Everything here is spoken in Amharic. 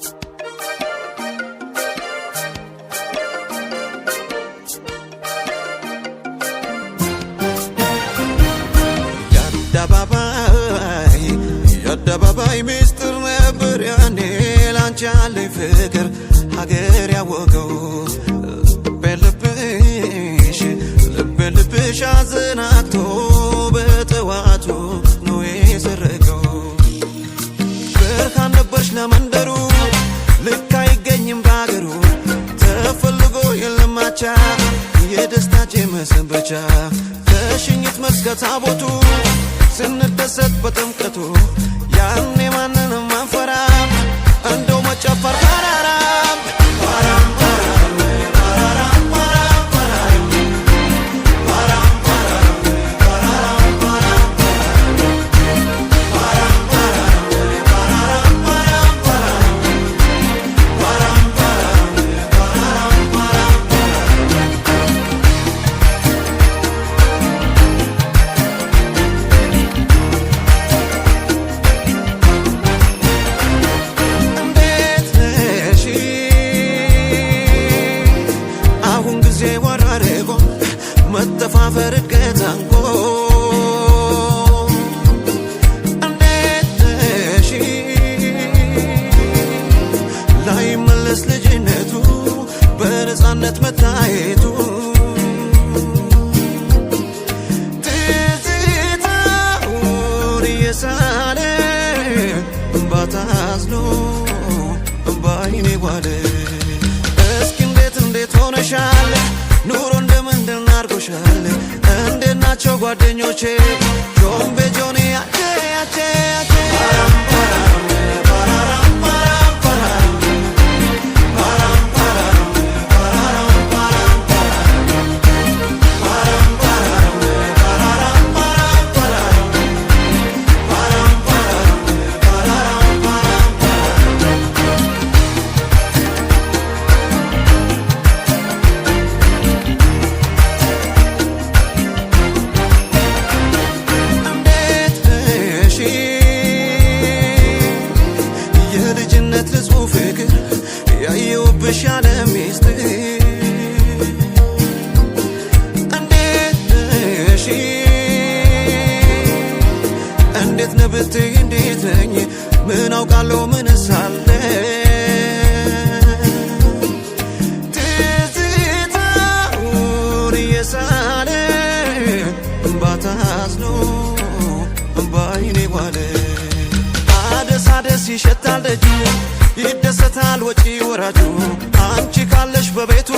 የአደባባይ የአደባባይ ሚስጥር ነበር ያኔ ላንቺ ያለኝ ፍቅር ሀገር ያወቀው ልብልብሽ ልብሽ አዘናግቶ በጠዋቱ ነው የሰረገው ብርሃን ነበርሽ ለመንደሩ መማቻ የደስታቼ መሰንበቻ ተሽኝት መስከት አቦቱ ስንደሰት በጥምቀቱ ያኔ ማንንም አንፈራ እንደው መጨፈር መተፋፈር እድገት አንቆ ላይ መለስ ልጅነቱ በነፃነት መታየቱ ትዝታውን እየሳለ እምባ ታዝሎ እምባ አይኔ እስኪ እንዴት እንዴት ሆነሻል ይሻል እንዴናቸው ጓደኞቼ የልጅነት ህዝቡ ፍቅር ያየውብሽ ያለ ሚስጥር እንዴት ነሽ እንዴት ነብት እንዴት ነኝ ምን አውቃለሁ ምን ሳለ ትዝታውን እየሳለ ባታዝኖ ደስ ይሸታል ደጁ ይደሰታል ወጪ ወራጁ አንቺ ካለሽ በቤቱ